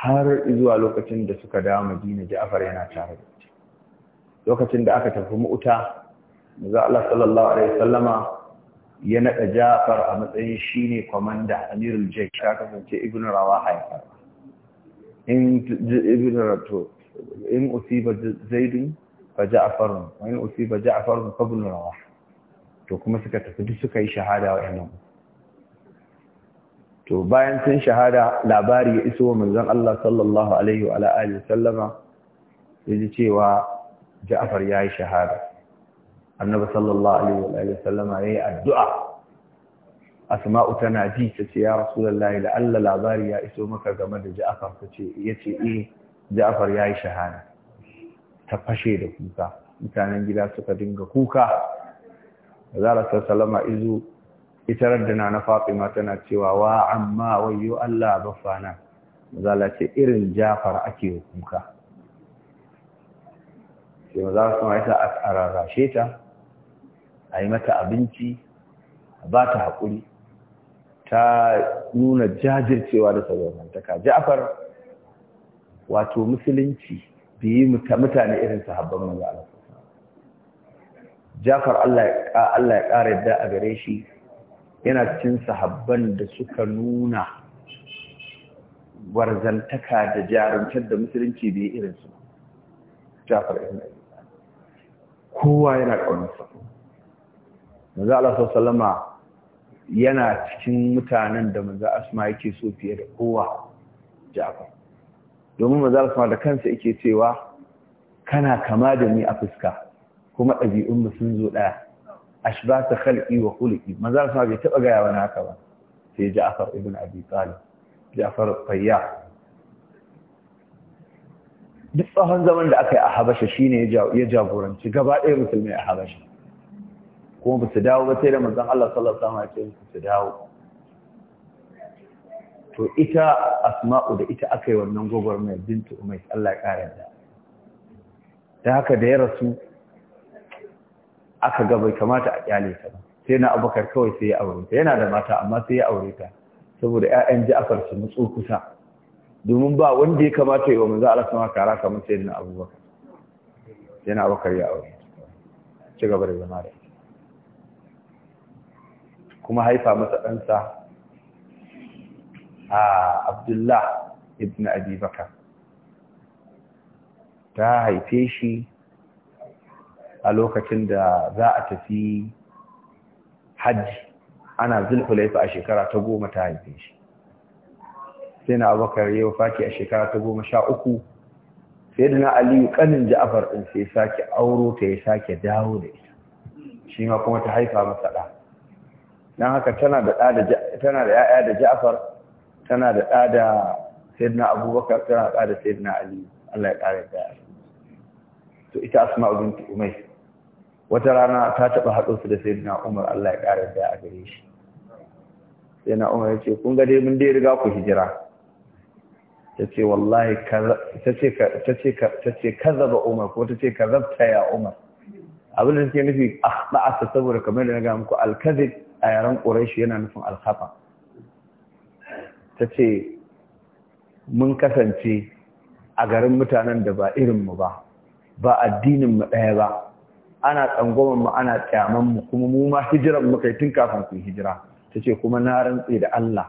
har zuwa lokacin da suka dawo Madina Ja'far yana tare da ita lokacin da aka tafi Mu'ta manzo Allah sallallahu alaihi wasallama ya nada Ja'far a matsayin shine komanda Amirul Jaysh ya kasance Ibn Rawaha ya fara in Ibn Rato in usiba Zaid fa Ja'far wa in usiba Ja'far fa Ibn Rawaha to kuma suka tafi duk suka yi shahada wa'annan to bayan sun shahada labari ya iso manzon Allah sallallahu alaihi wa alihi sallama yaji cewa Ja'far yayi shahada annabi sallallahu alaihi wa alihi sallama yayi addu'a asma'u tana ji ta ce ya rasulullahi la'alla labari ya iso maka game da Ja'far ta ce yace eh Ja'far yayi shahada ta fashe da kuka mutanen gida suka dinga kuka Zara sallama izu itarar da na Fatima tana cewa wa amma wayo Allah bafana mazala ce irin Jafar ake kuka sai za su ma a rarrashe ta a yi mata abinci a ba ta haƙuri ta nuna jajircewa da ka Jafar wato musulunci biyi mutane irin sahabban manzo Allah Jafar Allah ya ƙara yadda a gare shi yana cikin sahabban da suka nuna warzantaka da jarumtar da musulunci bai irin su Jafar ibn Abi kowa yana kaunarsa Manzo Allah sallama yana cikin mutanen da Manzo Asma yake so fiye da kowa Jafar domin Manzo Asma da kansa yake cewa kana kama da ni a fuska kuma ɗabi'un mu sun zo ɗaya ashbata khalqi wa khuluqi manzo sa bai taba gaya wani haka ba sai Ja'far ibn Abi Talib Ja'far Fayyah duk tsawon zaman da aka yi a Habasha shine ya jagoranci gaba ɗaya musulmai a Habasha kuma ba su dawo ba sai da manzon Allah sallallahu alaihi wasallam ya su dawo to ita Asma'u da ita aka wannan gogor mai bintu Umayy Allah ya kare ta da haka da ya rasu aka ga bai kamata a kyale ta ba sai na abubakar kawai sai ya aure ta yana da mata amma sai ya aure ta saboda ƴaƴan ja'afar su nutsu kusa domin ba wanda ya kamata ya wa manzo Allah sama kara kamar sai na abubakar sai na abakar ya aure ci gaba da zama da kuma haifa masa ɗansa a Abdullah ibn Abi ta haife shi a lokacin da za a tafi hajji ana zulhulaifa a shekara ta goma ta haife shi sai na yi yau faki a shekara ta goma sha uku sai da na aliyu kanin ja'afar ɗin sai sake auro ta ya sake dawo da ita shi ma kuma ta haifa masa ɗa don haka tana da ‘ya'ya da ja'afar tana da ɗa da na abubakar tana da ɗa da na aliyu allah ya ƙara da to ita asma'u binti umai wata rana ta taɓa haɗo su da sayyidina Umar Allah ya ƙara da a gare shi sayyidina Umar ya ce kun ga dai mun dai riga ku hijira tace wallahi tace tace tace kazaba Umar ko tace kazabta ya Umar abin da take nufi ba'asta saboda kamar da na ga muku al-kadhib a yaren Quraysh yana nufin al Ta tace mun kasance a garin mutanen da ba irin mu ba ba addinin mu ɗaya ba ana tsangwaman mu ana kyaman mu kuma mu ma hijiran mu kai tun kafin ku hijira ta ce kuma na rantse da Allah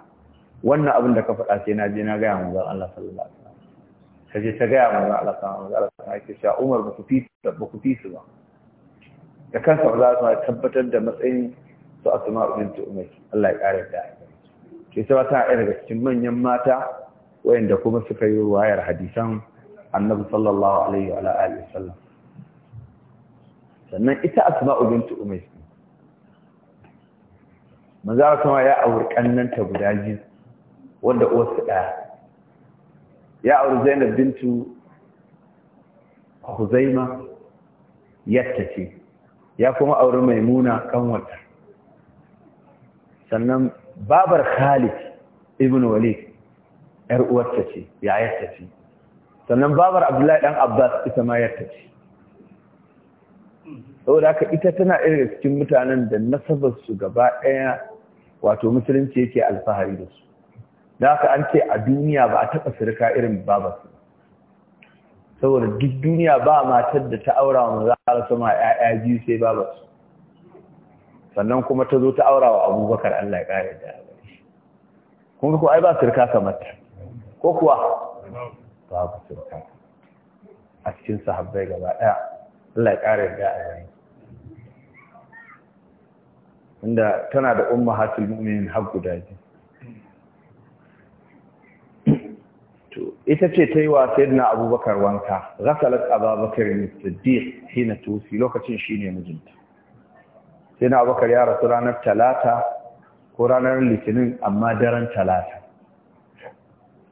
wannan abin da ka faɗa sai na je na gaya zan Allah sallallahu alaihi wasallam ta je ta gaya zan Allah sallallahu alaihi wasallam ce sha Umar ba ku fi ba ku fi su ba da kansa ba za su tabbatar da matsayin su asma bint umar Allah ya kare da ke sai wata ɗaya daga cikin manyan mata wayanda kuma suka yi ruwayar hadisan annabi sallallahu alaihi wa alihi wasallam sannan ita asma'u bintu umais maza kuma ya auri kannanta guda biyu wanda uwarsu daya. ya auri zainab bintu huzaima yatta ce ya kuma auri maimuna kanwata sannan babar khalid ibn walid ƴar uwarta ce ya yatta sannan babar abdullahi dan abbas ita ma yatta ce saboda haka ita tana irin cikin mutanen da nasabar su gaba ɗaya wato musulunci yake alfahari da su da haka an ce a duniya ba a taɓa sirka irin su. saboda duk duniya ba matar da ta aura wa za a rasa ma ‘ya'ya biyu sai babarsu sannan kuma ta zo ta aura wa abubakar Allah ya ƙara da kun ga ko ai ba sirka kamar ta ko kuwa babu sirka a cikin sahabbai gaba ɗaya Allah ya ƙara da a yayin wanda tana da umma hatul mu'minin har guda biyu to ita ce ta yi wa sayyidina abubakar wanka rasalat abubakar ne siddiq hina tusi lokacin shine mijinta sayyidina abubakar ya rasu ranar talata ko ranar litinin amma daren talata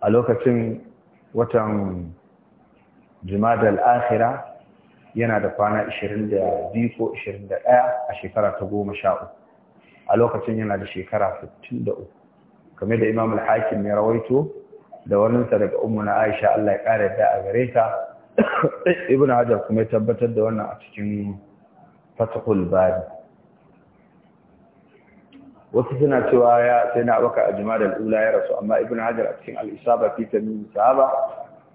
a lokacin watan jimadal akhira yana da kwana 22 ko 21 a shekara ta 13 a lokacin yana da shekara 63 kamar da Imam al-Hakim ya rawaito da wannansa daga ummu na Aisha Allah ya kare a gare ta Ibn Hajar kuma ya tabbatar da wannan a cikin Fathul Bari wasu suna cewa ya sai na baka a da ula ya rasu amma Ibn Hajar a cikin al-Isaba fi tamim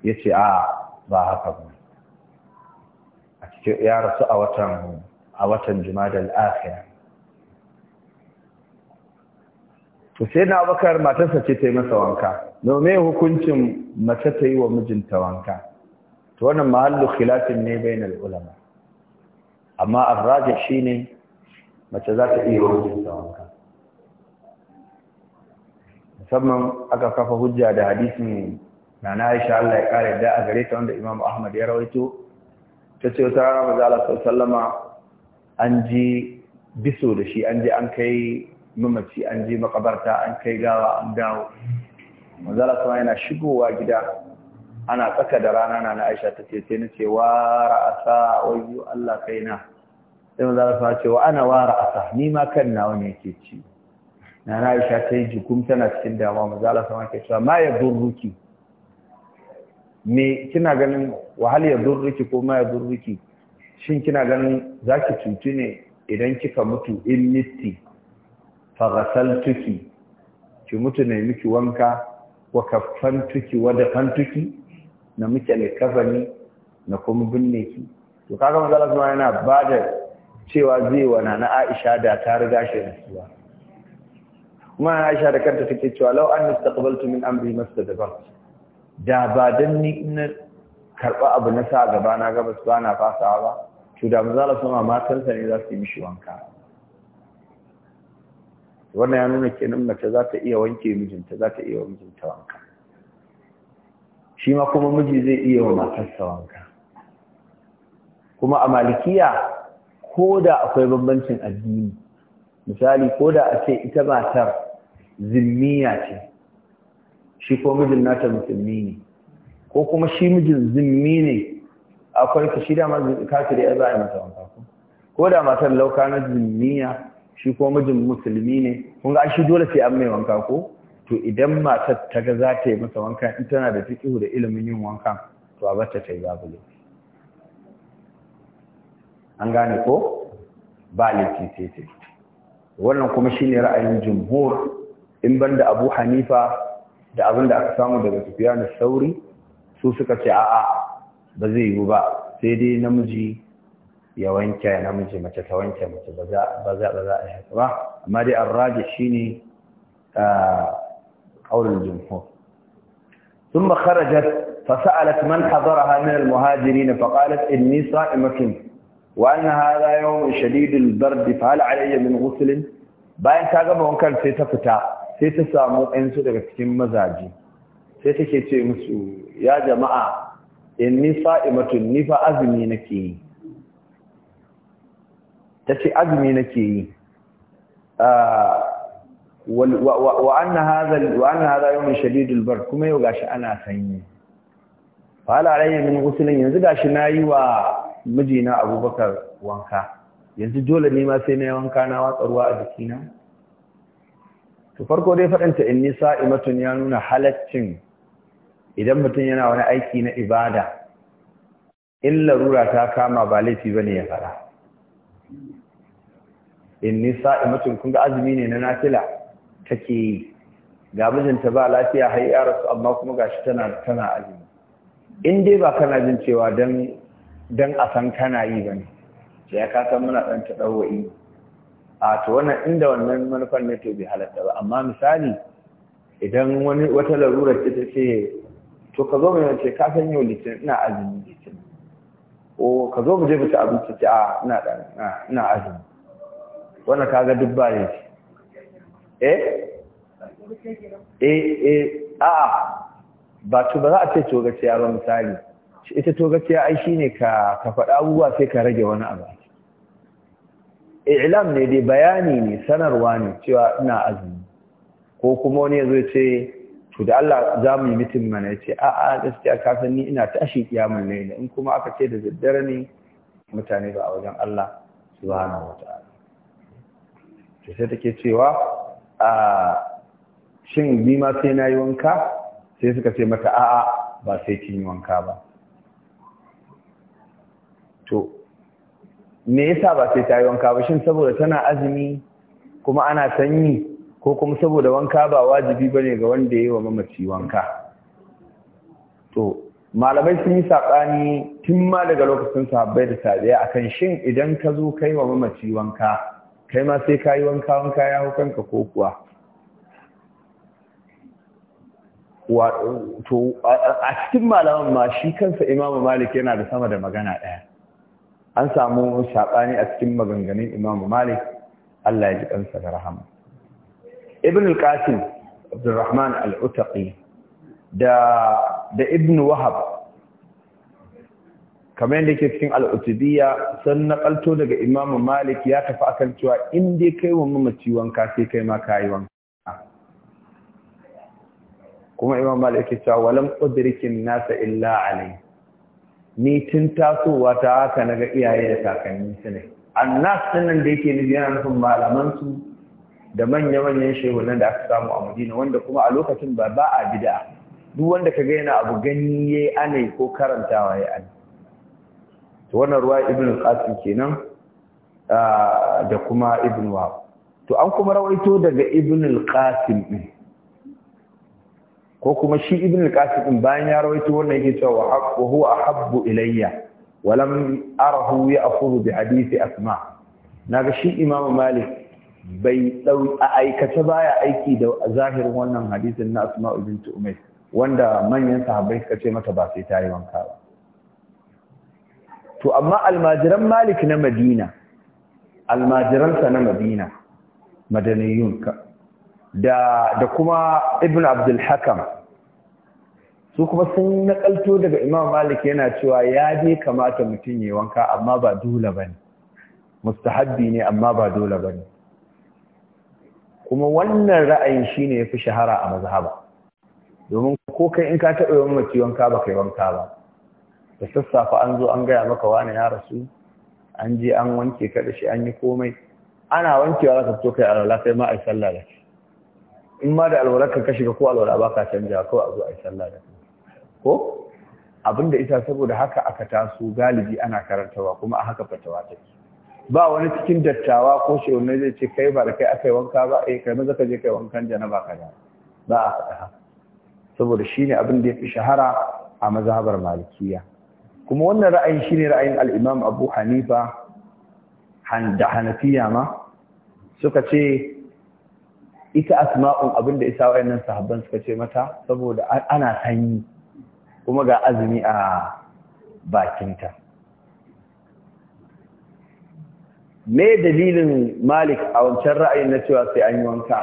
ya ce a ba haka ba ya rasu a watan jima da jumadal to sai na bakar matarsa ce ta yi masa wanka Nome hukuncin mace ta yi wa mijinta wanka to wannan mahallu khilafin ne bainal ulama amma arraji shine mace za ta iya wa mijinta wanka musamman aka kafa hujja da hadisin na Aisha Allah ya kare da a gare ta wanda Imam Ahmad ya rawaito ta ce ta manzo Allah sallama an ji biso da shi an je an kai mamaci an je makabarta an kai gawa an dawo manzala sama yana shigowa gida ana tsaka da rana na na aisha ta ce sai na ce wa ra'asa wayo Allah kaina sai manzala sama ce wa ana wa ra'asa ni ma kan nawa ne yake ci na na aisha ta yi jikum tana cikin damuwa manzala sama ke cewa ma ya burruki me kina ganin wahal ya burruki ko ma ya burruki shin kina ganin zaki cuci ne idan kika mutu in mitti faghasaltuki ki mutu ne miki wanka wa kaffantuki wa dafantuki na miki alkafani na kuma binne ki to kaga manzala kuma yana bada cewa zai wa nana Aisha da ta riga shi rasuwa kuma Aisha da kanta take cewa law an istaqbaltu min amri mastadbar da ba dan ni in karba abu na sa gaba na gaba bana fasawa fasawa to da manzala kuma matansa ne za su yi mishi wanka wannan ya nuna kenan mace za ta iya wanke mijinta za ta iya wa mijinta wanka shi ma kuma miji zai iya wa matarsa wanka kuma a malikiya ko da akwai bambancin addini misali ko da a ce ita matar zimmiya ce shi ko mijin nata musulmi ne ko kuma shi mijin zimmi ne akwai ka shi da ma kafiri ya za a yi mata wanka ko da matar lauka na zimmiya shi ko mijin musulmi ne kun ga shi dole sai an mai wanka ko to idan matar ta ga za ta yi masa wanka in tana da fiqhu da ilimin yin wanka to a bata ta yi babu an gane ko ba laifi sai wannan kuma shine ra'ayin jumhur in banda Abu Hanifa da abin da aka samu daga Sufyan sauri su suka ce a'a ba zai yi ba sai dai namiji ya wanke namiji mace ta wanke mace ba za a yi haka ba amma dai an shi ne a arraji shine qaulul ah, jumhur thumma kharajat فسألت na حضرها من المهاجرين فقالت إني صائمة وأن hada يوم شديد البرد فهل علي من غسل bayan ta gama wankan sai ta fita sai ta samu ɗansu daga cikin mazaje sai take ce musu ya jama'a In inni sa'imatun ni fa azumi nake yi ta ce azumi nake yi ah, wa haza yau mai shadidul bar kuma yau gashi ana sanyi fahala rayu min ghuslin yanzu gashi na yi wa mijina Abubakar wanka yanzu dole ne ma sai na wanka na watsarwa a jikina to farko dai in nisa imatun ya nuna halaccin idan mutum yana wani aiki na ibada in larura ta kama ba laifi ba ne ya fara In inni sa'imatun kun ga azumi ne na nafila take yi ga mijinta ba lafiya har ya rasu amma kuma gashi tana tana azumi in dai ba kana jin cewa dan dan a san kana yi ne sai ya kasan muna dan ta dawo'i a to wannan inda wannan manufar ne to bai halatta ba amma misali idan wani wata larurar ce ta ce to ka zo mai ce ka san yau litinin ina azumi litinin ko ka zo mu je mu ci abinci ce a ina ina azumi wannan kaga duk ba ne eh eh eh a'a ba to ba za a ce togaciya ba misali ita togaciya ai shine ka ka faɗa abubuwa sai ka rage wani abu i'lam ne dai bayani ne sanarwa ne cewa ina azumi ko kuma wani yazo ce to da Allah za mu yi mitin mana yace a a gaskiya ka san ni ina tashi kiyamul layl in kuma aka ce da daddare ne mutane ba a wajen Allah subhanahu wataala to sai take cewa a shin ni ma sai na yi wanka sai suka ce mata a'a ba sai kin yi wanka ba to me yasa ba sai ta yi wanka ba shin saboda tana azumi kuma ana sanyi ko kuma saboda wanka ba wajibi bane ga wanda yayi wa mamaci wanka to malamai sun yi saɓani tun ma daga lokacin sahabbai da tabi'a akan shin idan ka zo kai wa mamaci wanka kai ma sai ka yi wanka wanka ya hau kanka ko kuwa a cikin malaman ma shi kansa imamu malik yana da sama da magana ɗaya an samu saɓani a cikin maganganun imamu malik allah ya ji kansa da rahama ibn al-qasim abdurrahman al-utaqi da da ibn wahab kamar yadda yake cikin al'utubiya sun naƙalto daga imamu malik ya tafi akan cewa in dai kai wa mamaci wanka sai kai ma kayi wanka kuma imam malik yake cewa walam udrikin nasa illa alai ni tun tasowa ta haka na ga iyaye da kakanni su ne annas nan da yake nufi yana nufin malaman su da manya-manyan shehunan da aka samu a madina wanda kuma a lokacin ba ba a bida duk wanda ka ga yana abu gani yayi anai ko karantawa yayi anai to wannan ruwa ibn al-qasim kenan ah, da kuma ibn wa to an kuma rawaito daga ibn al-qasim din ko kuma shi ibn al-qasim din bayan ya rawaito wannan yake cewa wa huwa ahabbu ilayya wa lam arahu ya'khudhu bi hadisi asma naga shi imamu malik bai dau a aikata baya aiki da zahirin wannan hadisin na asma ibn umayr wanda manyan sahabbai suka ce mata ba sai tayi wanka ba to amma almajiran malik na madina almajiransa na madina madaniyun da da kuma ibn abdul hakam su kuma sun nakalto daga imam malik yana cewa ya je kamata mutum yi wanka amma ba dole bane mustahabbi ne amma ba dole bane kuma wannan ra'ayin shine yafi shahara a mazhaba domin ko kai in ka taɓa yawan mace wanka ba kai wanka ba da sassafe an zo an gaya maka wane ya rasu an je an wanke ka da shi an yi komai ana wankewa za ka fito kai alwala sai ma a yi sallah da shi in ma da alwala ka shiga ko alwala ba ka canja ko a zo a yi sallah da ko Abin da ita saboda haka aka taso galibi ana karantawa kuma a haka fatawa take ba wani cikin dattawa ko shehunai zai ce kai ba da kai aka yi wanka ba eh kai maza ka je kai wankan ba ka da ba a faɗa saboda shine abin da ya fi shahara a mazhabar malikiya kuma wannan ra'ayin shi ne ra'ayin alimam imam Abu Hanifa da Hanafiya ma suka ce ita asma'un abinda isa wayannan sahabban suka ce mata saboda ana sanyi kuma ga azumi a bakinta me dalilin Malik a wancan ra'ayin na cewa sai an yi wanka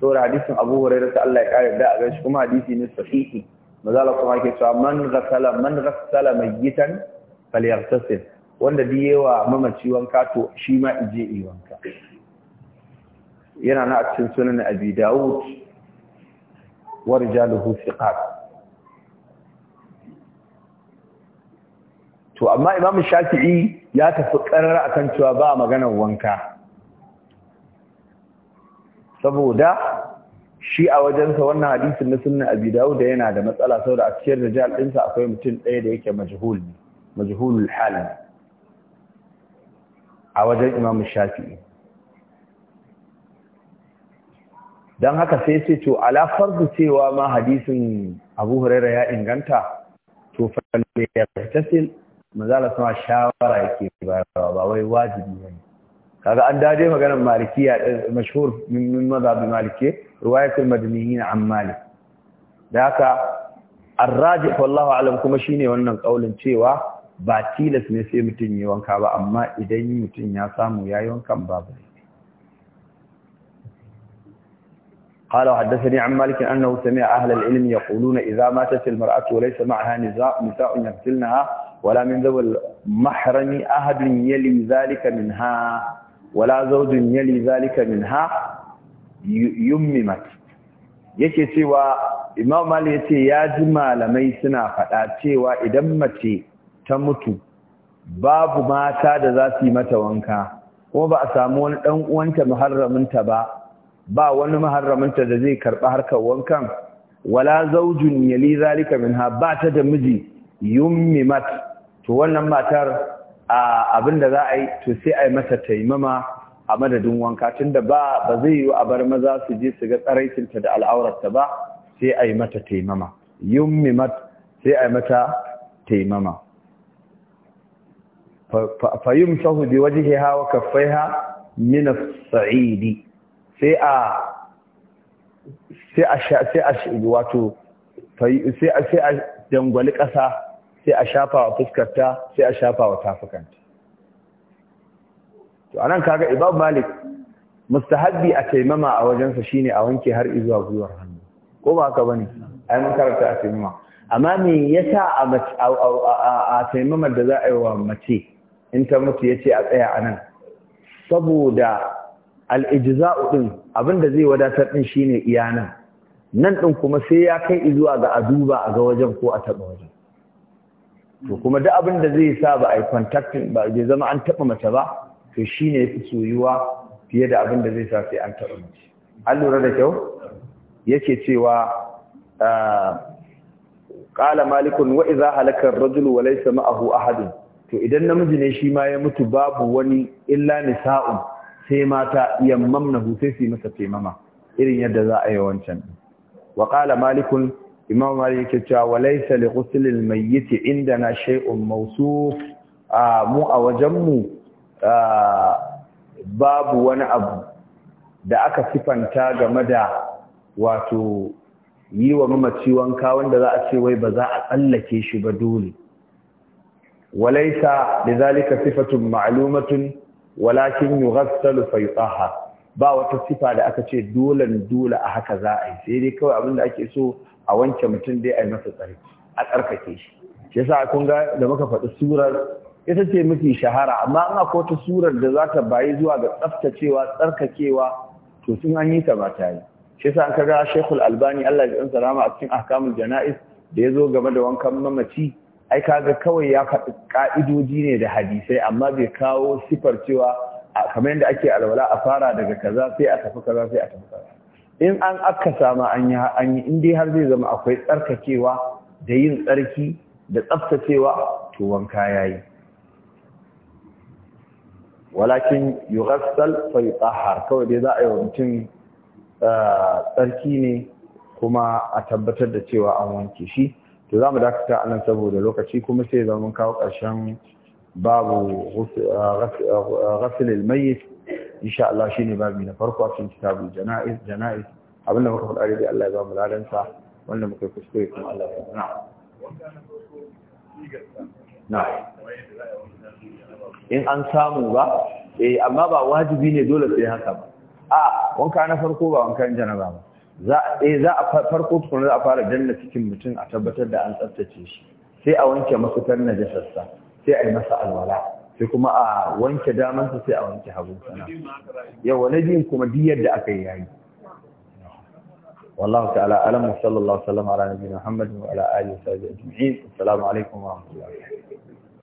saboda hadisin Abu Hurairah ta Allah ya kare da a gaishe kuma hadisi ne sahihi mazala kuma ke cewa man ghasala man ghasala mayyitan falyaghtasil wanda duk yawa mamaci wanka to shi ma ije yi wanka yana na a cikin sunan abi daud wa rijaluhu thiqat to amma imamu shafi'i ya tafi karar akan cewa ba maganar wanka saboda shi a wajensa wannan hadisin na sunan abi dawud yana da matsala saboda a cikin rijal ɗinsa akwai mutum ɗaya da yake majhul ne majhulul a wajen imam shafi'i don haka sai sai to ala farzu cewa ma hadisin abu huraira ya inganta to falle ya tasil mazala sama shawara yake bayarwa ba wai wajibi ne kaga an dade maganar malikiya eh, mashhur min mazhabi maliki riwayatul madaniyin an malik da haka raji wallahu alam kuma shine wannan kaulin cewa ba tilas ne sai mutum yi wanka ba amma idan mutum ya samu yayi wankan babu قال وحدثني عن مالك أنه سمع أهل العلم يقولون إذا ماتت المرأة وليس معها نساء نساء يقتلنها ولا من ذوي المحرم أحد يلي ذلك منها ولا زوج يلي ذلك منها yummimat yake cewa imam mali ya ce ya ji malamai suna faɗa cewa idan mace ta mutu babu mata da za su yi mata wanka kuma ba a samu wani ɗan uwanta muharraminta ba ba wani muharraminta da zai karɓi harkar wankan wala zaujun yali zalika minha ba ta da miji yummimat to wannan matar abin da za a yi to sai a yi mata taimama a madadin wanka tunda ba ba zai yi a bar maza su je su ga tsaraicinta da al'aurarta ba sai a yi mata taimama Yun mimat, sai a yi mata taimama fa yumsahu bi wajhiha wa kafai ha mina saidi sai a sai a sai a wato sai a sai a dangwali ƙasa sai a shafa wa fuskarta sai a shafa wa tafukanta to anan kaga ibab Malik mustahabbi a taimama a wajensa shine a wanke har izuwa gwiwar hannu ko ba haka bane ai mun karanta a taimama amma me yasa a taimamar da za a yi wa mace in ta mutu yace a tsaya anan saboda al-ijza'u din abinda zai wadatar din shine iyanan nan din kuma sai ya kai zuwa ga a duba a ga wajen ko a taba wajen to kuma duk abin da zai sa ba a yi contacting ba zai zama an taba mace ba to shi ne fi soyuwa fiye da abin da zai sa sai an taɓa mace an lura da kyau yake cewa ƙala ah, malikun wa iza halakar rajulu wa laisa ma'ahu ahadun to idan namiji ne shi ma ya mutu babu wani illa nisa'un sai mata yammamnahu sai su yi masa taimama irin yadda za a yi wancan wa ƙala malikun imam malik yake cewa walaisa li ghusl al mayyit indana shay'un mawsuf ah, mu a wajen mu babu wani abu da aka sifanta game da wato yi wa mamaci wanka wanda za a ce wai ba za a tsallake shi ba dole walaisa da zalika sifatun ma'alumatun walakin yi rassalu ba wata sifa da aka ce dole dole a haka za a yi sai dai kawai abinda ake so a wanke mutum dai a yi masa tsari a tsarkake shi shi yasa kun ga da muka faɗi surar ita ce mafi shahara amma ina ko ta surar da za ta bayi zuwa ga tsaftacewa tsarkakewa to sun an yi ta ba ta yi shi yasa an kaga Sheikhul Albani Allah ya tsansa rama a cikin ahkamul jana'is da ya zo game da wankan mamaci ai kaga kawai ya faɗi ka'idoji ne da hadisai amma bai kawo sifar cewa kamar yadda ake alwala a fara daga kaza sai a tafi kaza sai a tafi kaza in an aka samu an yi an yi in dai har zai zama akwai tsarkakewa da yin tsarki da tsaftacewa to wanka yayi walakin yughassal fa yutahhar kawai dai za a yi wa mutum eh, tsarki ne kuma a tabbatar da cewa an wanke shi to za mu dakata anan saboda lokaci kuma sai zama kawo ƙarshen babu eh, eh, ghasl al-mayyit insha Allah shine babu na farko a cikin kitabul janaiz janaiz abinda muka faɗa dai Allah ya ba mu ladan sa wanda muka kuskure kuma Allah ya na na in an samu ba eh, amma ba wajibi ne dole sai haka ba a wanka na farko ba wanka janaba ba za eh za a farko tukuna za a fara danna cikin mutum a tabbatar da an tsaftace shi sai a wanke masutar najasarsa sai a yi masa alwala sai kuma a wanke damansa sai a wanke hagun sana yawa na biyun kuma diyar da aka yi yayi wa تعالى أعلم وصلى الله wa على نبينا محمد وعلى آله وصحبه أجمعين السلام عليكم wa الله